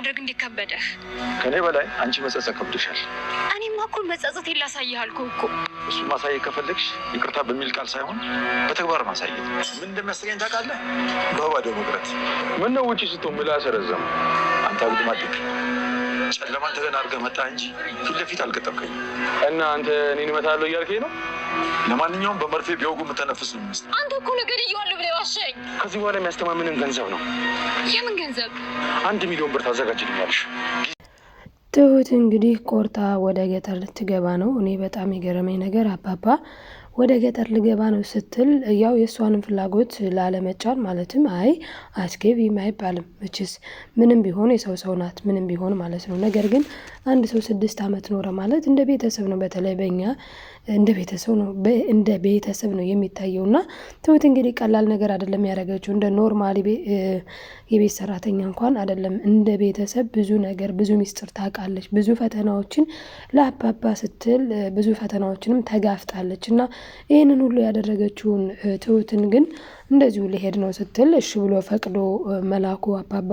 ማድረግ እንዴት ከበደህ? ከእኔ በላይ አንቺ መጸጸት ከብዶሻል። እኔማ እኮ መጸጸት የላሳይህ አልኩህ እኮ። እሱን ማሳየት ከፈለግሽ ይቅርታ በሚል ቃል ሳይሆን በተግባር ማሳየት። ምን እንደሚያስገኝ ታውቃለህ? በባዶ መቅረት። ምነው ውጪ ስትሆን ምላስ ረዘመ? አንተ አግድማ ጨለማን ተገን አድርገህ መጣ እንጂ ፊት ለፊት አልገጠምከኝ እና አንተ እኔን እመታለሁ እያልከኝ ነው። ለማንኛውም በመርፌ ቢወጉ የምተነፍስ ነው የሚመስለው። አንተ እኮ ነገር እየዋለሁ ብለህ ዋሸኝ። ከዚህ በኋላ የሚያስተማምንን ገንዘብ ነው። የምን ገንዘብ? አንድ ሚሊዮን ብር ታዘጋጅልኛለሽ። ትሁት እንግዲህ ቆርጣ ወደ ገጠር ልትገባ ነው። እኔ በጣም የገረመኝ ነገር አባባ ወደ ገጠር ልገባ ነው ስትል ያው የእሷንም ፍላጎት ላለመጫን ማለትም አይ አስገቢም አይባልም። መቼስ ምንም ቢሆን የሰው ሰው ናት፣ ምንም ቢሆን ማለት ነው። ነገር ግን አንድ ሰው ስድስት ዓመት ኖረ ማለት እንደ ቤተሰብ ነው። በተለይ በኛ። እንደ ቤተሰብ ነው እንደ ቤተሰብ ነው የሚታየው። እና ትሁት እንግዲህ ቀላል ነገር አይደለም ያደረገችው። እንደ ኖርማሊ የቤት ሰራተኛ እንኳን አይደለም፣ እንደ ቤተሰብ ብዙ ነገር ብዙ ሚስጥር ታውቃለች። ብዙ ፈተናዎችን ለአባባ ስትል ብዙ ፈተናዎችንም ተጋፍጣለች። እና ይህንን ሁሉ ያደረገችውን ትሁትን ግን እንደዚሁ ሊሄድ ነው ስትል እሺ ብሎ ፈቅዶ መላኩ አባባ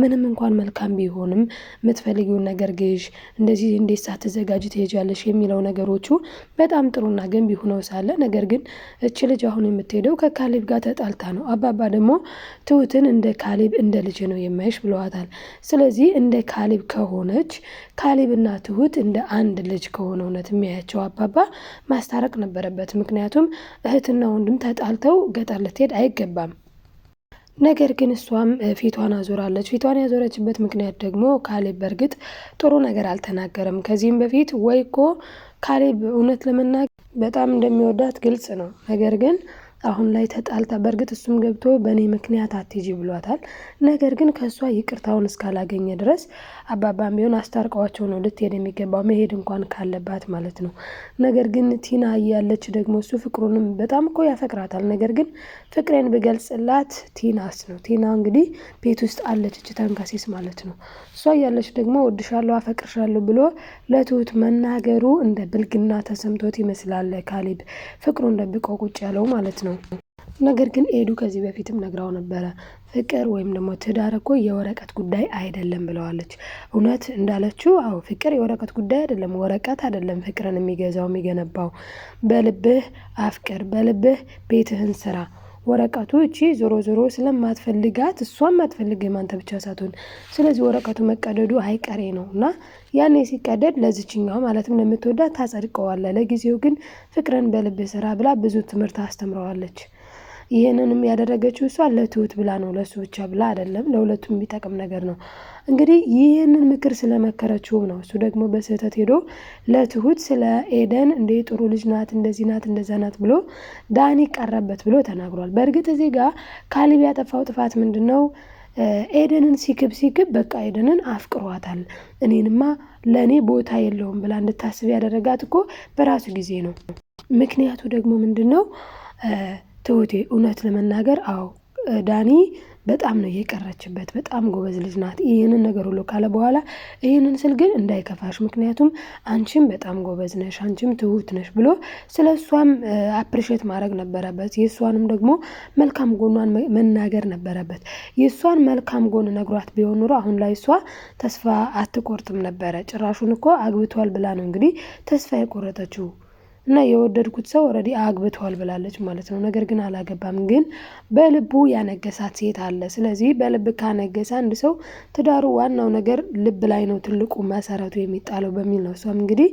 ምንም እንኳን መልካም ቢሆንም የምትፈልጊውን ነገር ግዥ፣ እንደዚህ እንዴት ሳትዘጋጅ ትሄጃለሽ የሚለው ነገሮቹ በጣም ጥሩና ገንቢ ሆነው ሳለ ነገር ግን እች ልጅ አሁን የምትሄደው ከካሌብ ጋር ተጣልታ ነው። አባባ ደግሞ ትሁትን እንደ ካሌብ እንደ ልጅ ነው የማይሽ ብለዋታል። ስለዚህ እንደ ካሌብ ከሆነች ካሌብና ትሁት እንደ አንድ ልጅ ከሆነ እውነት የሚያያቸው አባባ ማስታረቅ ነበረበት። ምክንያቱም እህትና ወንድም ተጣልተው ገጠር ልትሄድ አይገባም። ነገር ግን እሷም ፊቷን አዞራለች። ፊቷን ያዞረችበት ምክንያት ደግሞ ካሌብ በእርግጥ ጥሩ ነገር አልተናገረም። ከዚህም በፊት ወይ እኮ ካሌብ እውነት ለመናገር በጣም እንደሚወዳት ግልጽ ነው። ነገር ግን አሁን ላይ ተጣልታ በእርግጥ እሱም ገብቶ በእኔ ምክንያት አትጂ ብሏታል። ነገር ግን ከእሷ ይቅርታውን እስካላገኘ ድረስ አባባም ቢሆን አስታርቀዋቸው ነው ልትሄድ የሚገባው መሄድ እንኳን ካለባት ማለት ነው። ነገር ግን ቲና እያለች ደግሞ እሱ ፍቅሩንም በጣም እኮ ያፈቅራታል። ነገር ግን ፍቅሬን ብገልጽላት ቲናስ ነው። ቲና እንግዲህ ቤት ውስጥ አለች፣ እች ተንከሴስ ማለት ነው። እሷ እያለች ደግሞ ወድሻለሁ፣ አፈቅርሻለሁ ብሎ ለትሁት መናገሩ እንደ ብልግና ተሰምቶት ይመስላል ካሌብ ፍቅሩን ደብቆ ቁጭ ያለው ማለት ነው። ነገር ግን ኤዱ ከዚህ በፊትም ነግራው ነበረ። ፍቅር ወይም ደግሞ ትዳር እኮ የወረቀት ጉዳይ አይደለም ብለዋለች። እውነት እንዳለችው አዎ፣ ፍቅር የወረቀት ጉዳይ አይደለም። ወረቀት አይደለም ፍቅርን የሚገዛው የሚገነባው። በልብህ አፍቅር፣ በልብህ ቤትህን ስራ ወረቀቱ እቺ ዞሮ ዞሮ ስለማትፈልጋት እሷም አትፈልግም አንተ ብቻ ሳትሆን፣ ስለዚህ ወረቀቱ መቀደዱ አይቀሬ ነው እና ያኔ ሲቀደድ ለዚችኛው ማለትም ለምትወዳት ታጸድቀዋለ። ለጊዜው ግን ፍቅርን በልብ ስራ ብላ ብዙ ትምህርት አስተምረዋለች። ይህንንም ያደረገችው እሷ ለትሁት ብላ ነው፣ ለእሱ ብቻ ብላ አይደለም። ለሁለቱም የሚጠቅም ነገር ነው። እንግዲህ ይህንን ምክር ስለመከረችውም ነው እሱ ደግሞ በስህተት ሄዶ ለትሁት ስለ ኤደን እንደ ጥሩ ልጅ ናት፣ እንደዚህ ናት፣ እንደዛ ናት ብሎ ዳኒ ቀረበት ብሎ ተናግሯል። በእርግጥ እዚህ ጋር ካሊብ ያጠፋው ጥፋት ምንድን ነው? ኤደንን ሲክብ ሲክብ በቃ ኤደንን አፍቅሯታል። እኔንማ ለእኔ ቦታ የለውም ብላ እንድታስብ ያደረጋት እኮ በራሱ ጊዜ ነው። ምክንያቱ ደግሞ ምንድን ነው? ትሁቴ እውነት ለመናገር አዎ ዳኒ በጣም ነው የቀረችበት። በጣም ጎበዝ ልጅ ናት። ይህንን ነገር ሁሉ ካለ በኋላ ይህንን ስል ግን እንዳይከፋሽ፣ ምክንያቱም አንቺም በጣም ጎበዝ ነሽ፣ አንቺም ትሁት ነሽ ብሎ ስለ እሷም አፕሪሼት ማድረግ ነበረበት። የእሷንም ደግሞ መልካም ጎኗን መናገር ነበረበት። የእሷን መልካም ጎን ነግሯት ቢሆን ኑሮ አሁን ላይ እሷ ተስፋ አትቆርጥም ነበረ። ጭራሹን እኮ አግብቷል ብላ ነው እንግዲህ ተስፋ የቆረጠችው። እና የወደድኩት ሰው ኦልሬዲ አግብተዋል ብላለች ማለት ነው። ነገር ግን አላገባም፣ ግን በልቡ ያነገሳት ሴት አለ። ስለዚህ በልብ ካነገሰ አንድ ሰው ትዳሩ ዋናው ነገር ልብ ላይ ነው ትልቁ መሰረቱ የሚጣለው በሚል ነው። እሷም እንግዲህ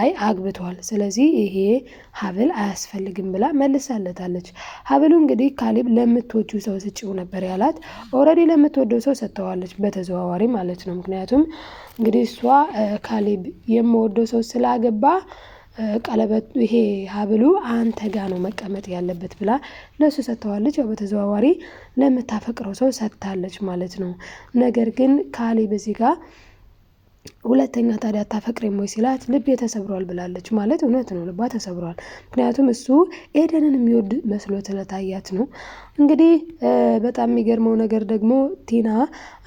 አይ አግብተዋል፣ ስለዚህ ይሄ ሀብል አያስፈልግም ብላ መልሳለታለች። ሀብሉ እንግዲህ ካሌብ ለምትወጁ ሰው ስጭው ነበር ያላት። ኦልሬዲ ለምትወደው ሰው ሰጥተዋለች በተዘዋዋሪ ማለት ነው። ምክንያቱም እንግዲህ እሷ ካሌብ የምወደው ሰው ስላገባ ቀለበት ይሄ ሀብሉ አንተ ጋ ነው መቀመጥ ያለበት ብላ ለእሱ ሰጥተዋለች። ያው በተዘዋዋሪ ለምታፈቅረው ሰው ሰጥታለች ማለት ነው። ነገር ግን ካሌ በዚህ ጋ ሁለተኛ ታዲያ አታፈቅሪም ወይ ሲላት ልቤ ተሰብሯል ብላለች። ማለት እውነት ነው፣ ልቧ ተሰብሯል። ምክንያቱም እሱ ኤደንን የሚወድ መስሎ ስለታያት ነው። እንግዲህ በጣም የሚገርመው ነገር ደግሞ ቲና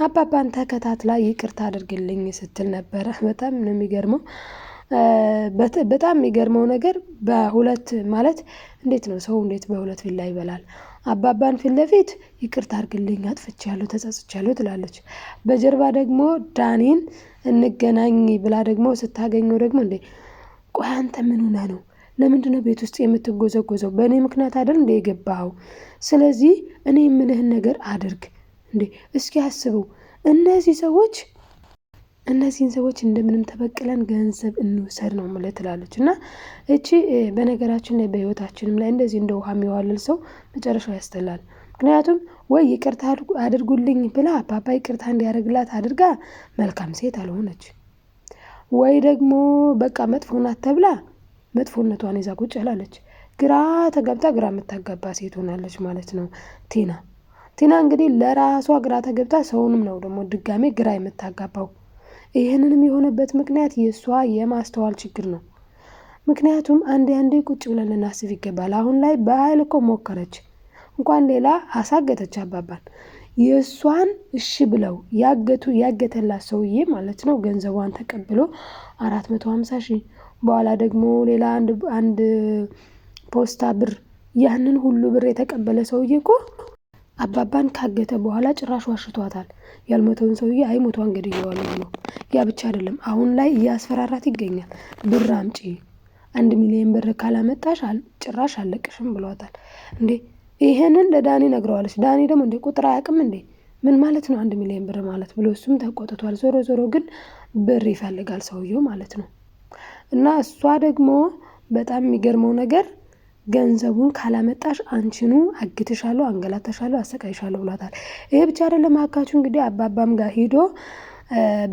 አባባን ተከታትላ ይቅርታ አድርግልኝ ስትል ነበረ። በጣም ነው የሚገርመው። በጣም የሚገርመው ነገር በሁለት ማለት እንዴት ነው ሰው እንዴት በሁለት ቢላ ይበላል? አባባን ፊት ለፊት ይቅርታ አድርግልኝ አጥፍቻለሁ ተጸጽቻለሁ ትላለች። በጀርባ ደግሞ ዳኒን እንገናኝ ብላ ደግሞ ስታገኘው ደግሞ እንዴ ቆይ አንተ ምን ሆነህ ነው? ለምንድነው ቤት ውስጥ የምትጎዘጎዘው? በእኔ ምክንያት አይደል እንደ የገባኸው? ስለዚህ እኔ የምልህን ነገር አድርግ። እንዴ እስኪ አስበው እነዚህ ሰዎች እነዚህን ሰዎች እንደምንም ተበቅለን ገንዘብ እንውሰድ ነው ምለ ትላለች። እና እቺ በነገራችን ላይ በህይወታችንም ላይ እንደዚህ እንደ ውሃ የሚዋልል ሰው መጨረሻው ያስጠላል። ምክንያቱም ወይ ይቅርታ አድርጉልኝ ብላ አባባ ይቅርታ እንዲያደርግላት አድርጋ መልካም ሴት አልሆነች፣ ወይ ደግሞ በቃ መጥፎናት ተብላ መጥፎነቷን ይዛ ቁጭ ላለች። ግራ ተገብታ ግራ የምታጋባ ሴት ሆናለች ማለት ነው ቲና። ቲና እንግዲህ ለራሷ ግራ ተገብታ ሰውንም ነው ደግሞ ድጋሜ ግራ የምታጋባው። ይህንንም የሆነበት ምክንያት የእሷ የማስተዋል ችግር ነው። ምክንያቱም አንዴ አንዴ ቁጭ ብለን ልናስብ ይገባል። አሁን ላይ በኃይል እኮ ሞከረች፣ እንኳን ሌላ አሳገተች አባባል የእሷን እሺ ብለው ያገቱ ያገተላት ሰውዬ ማለት ነው ገንዘቧን ተቀብሎ አራት መቶ ሀምሳ ሺህ በኋላ ደግሞ ሌላ አንድ አንድ ፖስታ ብር ያንን ሁሉ ብር የተቀበለ ሰውዬ እኮ አባባን ካገተ በኋላ ጭራሽ ዋሽቷታል። ያልሞተውን ሰውዬ አይ ሞቷን ገድየዋለሁ ብሎ። ያ ብቻ አይደለም፣ አሁን ላይ እያስፈራራት ይገኛል። ብር አምጪ፣ አንድ ሚሊዮን ብር ካላመጣሽ ጭራሽ አለቅሽም ብሏታል። እንዴ ይሄንን ለዳኒ ነግረዋለች። ዳኒ ደግሞ እንደ ቁጥር አያውቅም እንዴ ምን ማለት ነው አንድ ሚሊዮን ብር ማለት ብሎ እሱም ተቆጥቷል። ዞሮ ዞሮ ግን ብር ይፈልጋል ሰውየው ማለት ነው። እና እሷ ደግሞ በጣም የሚገርመው ነገር ገንዘቡን ካላመጣሽ አንቺኑ አግትሻለሁ፣ አንገላታሻለሁ፣ አሰቃይሻለሁ ብሏታል። ይሄ ብቻ አይደለም አካቹ እንግዲህ አባባም ጋር ሂዶ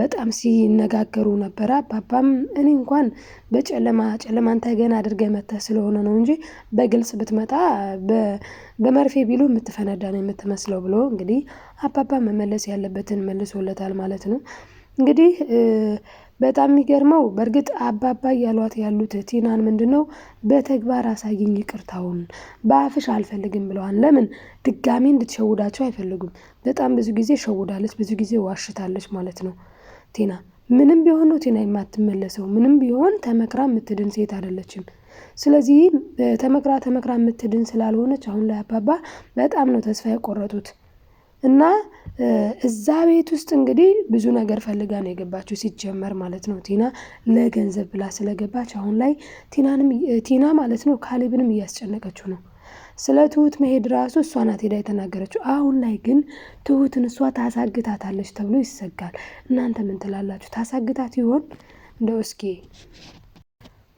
በጣም ሲነጋገሩ ነበረ። አባባም እኔ እንኳን በጨለማ ጨለማ አንተ ገና አድርገህ መተህ ስለሆነ ነው እንጂ በግልጽ ብትመጣ በመርፌ ቢሉ የምትፈነዳ ነው የምትመስለው ብሎ እንግዲህ አባባ መመለስ ያለበትን መልሶለታል ማለት ነው እንግዲህ በጣም የሚገርመው በእርግጥ አባባ እያሏት ያሉት ቲናን ምንድነው በተግባር አሳይኝ ይቅርታውን በአፍሽ አልፈልግም ብለዋል። ለምን ድጋሜ እንድትሸውዳቸው አይፈልጉም። በጣም ብዙ ጊዜ ሸውዳለች፣ ብዙ ጊዜ ዋሽታለች ማለት ነው ቲና። ምንም ቢሆን ነው ቲና የማትመለሰው። ምንም ቢሆን ተመክራ የምትድን ሴት አይደለችም። ስለዚህ ተመክራ ተመክራ የምትድን ስላልሆነች አሁን ላይ አባባ በጣም ነው ተስፋ የቆረጡት። እና እዛ ቤት ውስጥ እንግዲህ ብዙ ነገር ፈልጋ ነው የገባችው ሲጀመር ማለት ነው። ቲና ለገንዘብ ብላ ስለገባች አሁን ላይ ቲና ማለት ነው ካሌብንም እያስጨነቀችው ነው። ስለ ትሁት መሄድ ራሱ እሷ ናት ሄዳ የተናገረችው። አሁን ላይ ግን ትሁትን እሷ ታሳግታታለች ተብሎ ይሰጋል። እናንተ ምን ትላላችሁ? ታሳግታት ይሆን እንደው እስኪ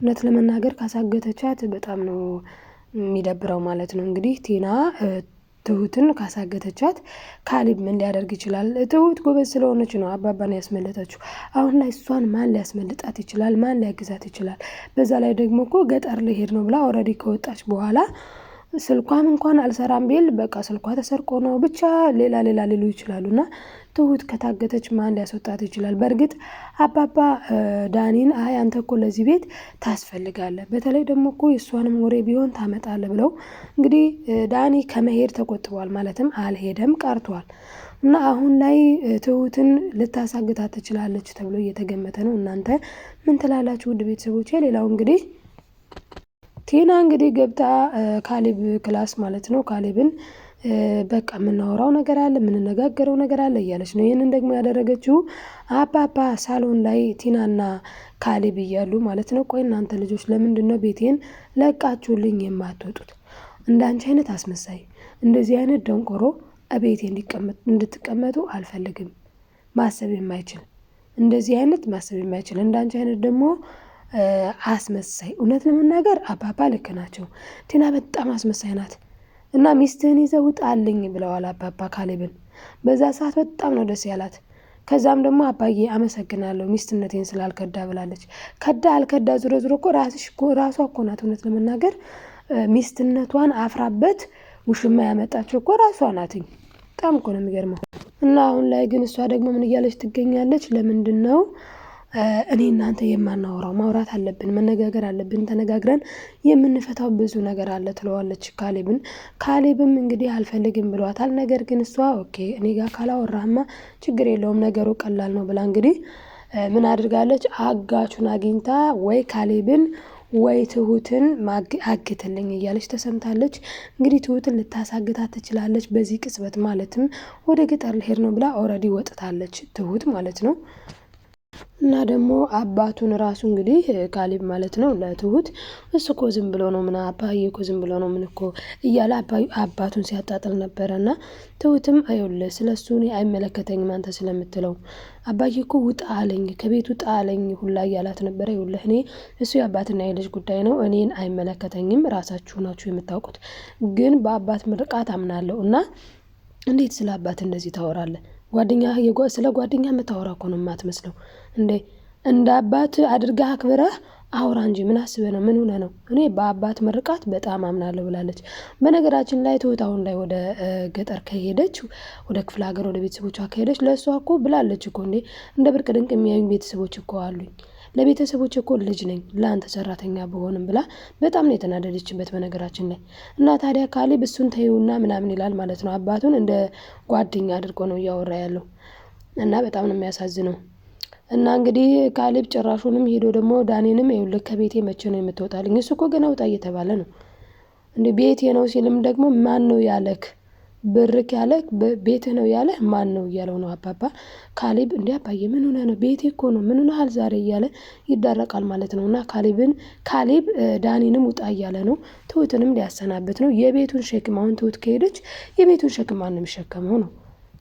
እውነት ለመናገር ካሳገተቻት በጣም ነው የሚደብረው ማለት ነው እንግዲህ ቲና ትሁትን ካሳገተቻት ካሊብ እንዲያደርግ ይችላል። ትሁት ጎበዝ ስለሆነች ነው አባባን ያስመለጠችው። አሁን ላይ እሷን ማን ሊያስመልጣት ይችላል? ማን ሊያግዛት ይችላል? በዛ ላይ ደግሞ እኮ ገጠር ልሄድ ነው ብላ ኦልሬዲ ከወጣች በኋላ ስልኳም እንኳን አልሰራም ቢል በቃ ስልኳ ተሰርቆ ነው ብቻ ሌላ ሌላ ሊሉ ይችላሉና ትሁት ከታገተች ማን ሊያስወጣት ይችላል? በእርግጥ አባባ ዳኒን አይ አንተ እኮ ለዚህ ቤት ታስፈልጋለህ፣ በተለይ ደግሞ እኮ የእሷንም ወሬ ቢሆን ታመጣለህ ብለው እንግዲህ ዳኒ ከመሄድ ተቆጥቧል። ማለትም አልሄደም ቀርቷል። እና አሁን ላይ ትሁትን ልታሳግታት ትችላለች ተብሎ እየተገመተ ነው። እናንተ ምን ትላላችሁ ውድ ቤተሰቦቼ? ሌላው እንግዲህ ቲና እንግዲህ ገብታ ካሌብ ክላስ ማለት ነው ካሌብን በቃ የምናወራው ነገር አለ የምንነጋገረው ነገር አለ እያለች ነው። ይህንን ደግሞ ያደረገችው አባባ ሳሎን ላይ ቲናና ካሌብ እያሉ ማለት ነው። ቆይ እናንተ ልጆች ለምንድን ነው ቤቴን ለቃችሁልኝ የማትወጡት? እንዳንቺ አይነት አስመሳይ፣ እንደዚህ አይነት ደንቆሮ ቤቴ እንድትቀመጡ አልፈልግም። ማሰብ የማይችል እንደዚህ አይነት ማሰብ የማይችል እንዳንቺ አይነት ደግሞ አስመሳይ። እውነት ለመናገር አባባ ልክ ናቸው። ቲና በጣም አስመሳይ ናት። እና ሚስትህን ይዘውጣልኝ ውጣልኝ ብለዋል አባባ ካሌብን። በዛ ሰዓት በጣም ነው ደስ ያላት። ከዛም ደግሞ አባዬ አመሰግናለሁ ሚስትነቴን ስላልከዳ ብላለች። ከዳ አልከዳ ዞሮ ዞሮ እኮ ራሷ እኮ ናት። እውነት ለመናገር ሚስትነቷን አፍራበት ውሽማ ያመጣችው እኮ ራሷ ናትኝ። በጣም እኮ ነው የሚገርመው። እና አሁን ላይ ግን እሷ ደግሞ ምን እያለች ትገኛለች? ለምንድን ነው እኔ እናንተ የማናወራው ማውራት አለብን፣ መነጋገር አለብን፣ ተነጋግረን የምንፈታው ብዙ ነገር አለ ትለዋለች ካሌብን። ካሌብም እንግዲህ አልፈልግም ብሏታል። ነገር ግን እሷ ኦኬ እኔ ጋር ካላወራህማ ችግር የለውም ነገሩ ቀላል ነው ብላ እንግዲህ ምን አድርጋለች? አጋቹን አግኝታ ወይ ካሌብን ወይ ትሁትን አግትልኝ እያለች ተሰምታለች። እንግዲህ ትሁትን ልታሳግታት ትችላለች በዚህ ቅጽበት ማለትም ወደ ገጠር ልሄድ ነው ብላ ኦልሬዲ ወጥታለች ትሁት ማለት ነው። እና ደግሞ አባቱን ራሱ እንግዲህ ካሊብ ማለት ነው ለትሁት እሱ እኮ ዝም ብሎ ነው ምን አባዬ እኮ ዝም ብሎ ነው ምን እኮ እያለ አባቱን ሲያጣጥል ነበረና ትሁትም አይውልህ ስለ እሱ እኔ አይመለከተኝም አንተ ስለምትለው አባዬ እኮ ውጣ አለኝ ከቤት ውጣ አለኝ ሁላ እያላት ነበረ። ይውልህ እኔ እሱ የአባትና የልጅ ጉዳይ ነው እኔን አይመለከተኝም፣ ራሳችሁ ናችሁ የምታውቁት። ግን በአባት ምርቃት አምናለሁ እና እንዴት ስለ አባት እንደዚህ ታወራለህ? ጓደኛ ስለ ጓደኛ የምታወራ እኮ ነው የማትመስለው። እንዴ እንደ አባት አድርጋ አክብረህ አውራ እንጂ ምን አስበህ ነው? ምን ሆነህ ነው? እኔ በአባት ምርቃት በጣም አምናለሁ ብላለች። በነገራችን ላይ ትሁት አሁን ላይ ወደ ገጠር ከሄደች ወደ ክፍለ ሀገር ወደ ቤተሰቦቿ ከሄደች ለእሷ እኮ ብላለች እኮ እንዴ እንደ ብርቅ ድንቅ የሚያዩኝ ቤተሰቦች እኮ አሉኝ ለቤተሰቦች እኮ ልጅ ነኝ ለአንተ ሰራተኛ ብሆንም ብላ በጣም ነው የተናደደችበት። በነገራችን ላይ እና ታዲያ ካሌብ እሱን ተይውና ምናምን ይላል ማለት ነው። አባቱን እንደ ጓደኛ አድርጎ ነው እያወራ ያለው እና በጣም ነው የሚያሳዝነው። እና እንግዲህ ካሌብ ጭራሹንም ሄዶ ደግሞ ዳኔንም ይኸውልህ ከቤቴ መቼ ነው የምትወጣልኝ? እሱ እኮ ገና ውጣ እየተባለ ነው እንደ ቤቴ ነው ሲልም ደግሞ ማን ነው ያለክ ብርክ ያለ ቤት ነው ያለ ማን ነው እያለው ነው አባባ ካሌብ እንዲ አባዬ ምን ሆነ ነው ቤቴ እኮ ነው ምን ሆነሃል ዛሬ እያለ ይዳረቃል ማለት ነው። እና ካሌብን ካሌብ ዳኒንም ውጣ እያለ ነው ትሁትንም ሊያሰናብት ነው። የቤቱን ሸክም አሁን ትሁት ከሄደች የቤቱን ሸክም ማን ነው የሚሸከመው ነው?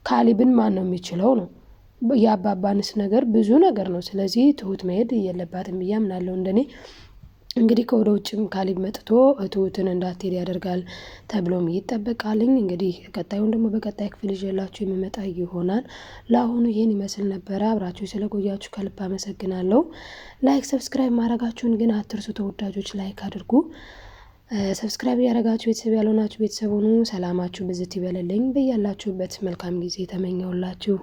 ካሌብን ማን ነው የሚችለው ነው? የአባባንስ ነገር ብዙ ነገር ነው። ስለዚህ ትሁት መሄድ የለባትም ብዬ አምናለሁ እንደኔ እንግዲህ ከወደ ውጭም ካሊብ መጥቶ ትሁትን እንዳትሄድ ያደርጋል ተብሎም ይጠበቃልኝ። እንግዲህ ቀጣዩን ደግሞ በቀጣይ ክፍል ይዤላችሁ የሚመጣ ይሆናል። ለአሁኑ ይህን ይመስል ነበረ። አብራችሁ ስለቆያችሁ ከልብ አመሰግናለሁ። ላይክ፣ ሰብስክራይብ ማድረጋችሁን ግን አትርሱ። ተወዳጆች ላይክ አድርጉ። ሰብስክራይብ ያደረጋችሁ ቤተሰብ ያልሆናችሁ ቤተሰቡኑ ሰላማችሁ ብዝት ይበልልኝ። በያላችሁበት መልካም ጊዜ ተመኘውላችሁ።